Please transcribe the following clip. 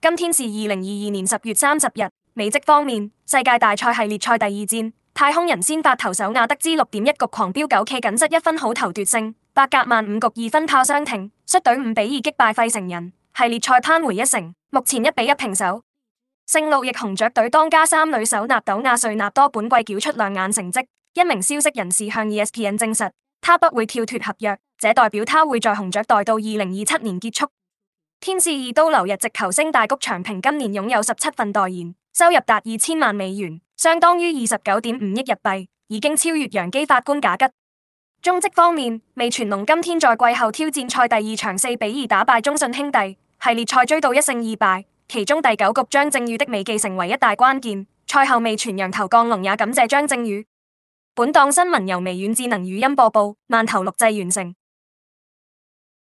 今天是二零二二年十月三十日。美職方面，世界大賽系列賽第二戰，太空人先發投手亞德茲六點一局狂飆九 K，僅失一分好投奪勝。伯格曼五局二分炮相挺，率隊五比二擊敗費城人，系列賽扳回一城，目前一比一平手。聖路易紅雀隊當家三壘手納豆亞瑞納多本季繳出亮眼成績。一名消息人士向 ESPN 證實，他不會跳脱合約，這代表他會在紅雀待到二零二七年結束。天使二刀流日籍球星大谷長平今年擁有十七份代言，收入達二千萬美元，相當於二十九點五億日幣，已經超越洋基法官賈吉。中職方面，味全龍今天在季後挑戰賽第二場四比二打敗中信兄弟，系列賽追到一勝二敗，其中第九局張正宇的美技成為一大關鍵。賽後味全洋投降龍也感謝張正宇。本檔新聞由微軟智能語音播報，慢頭錄製完成。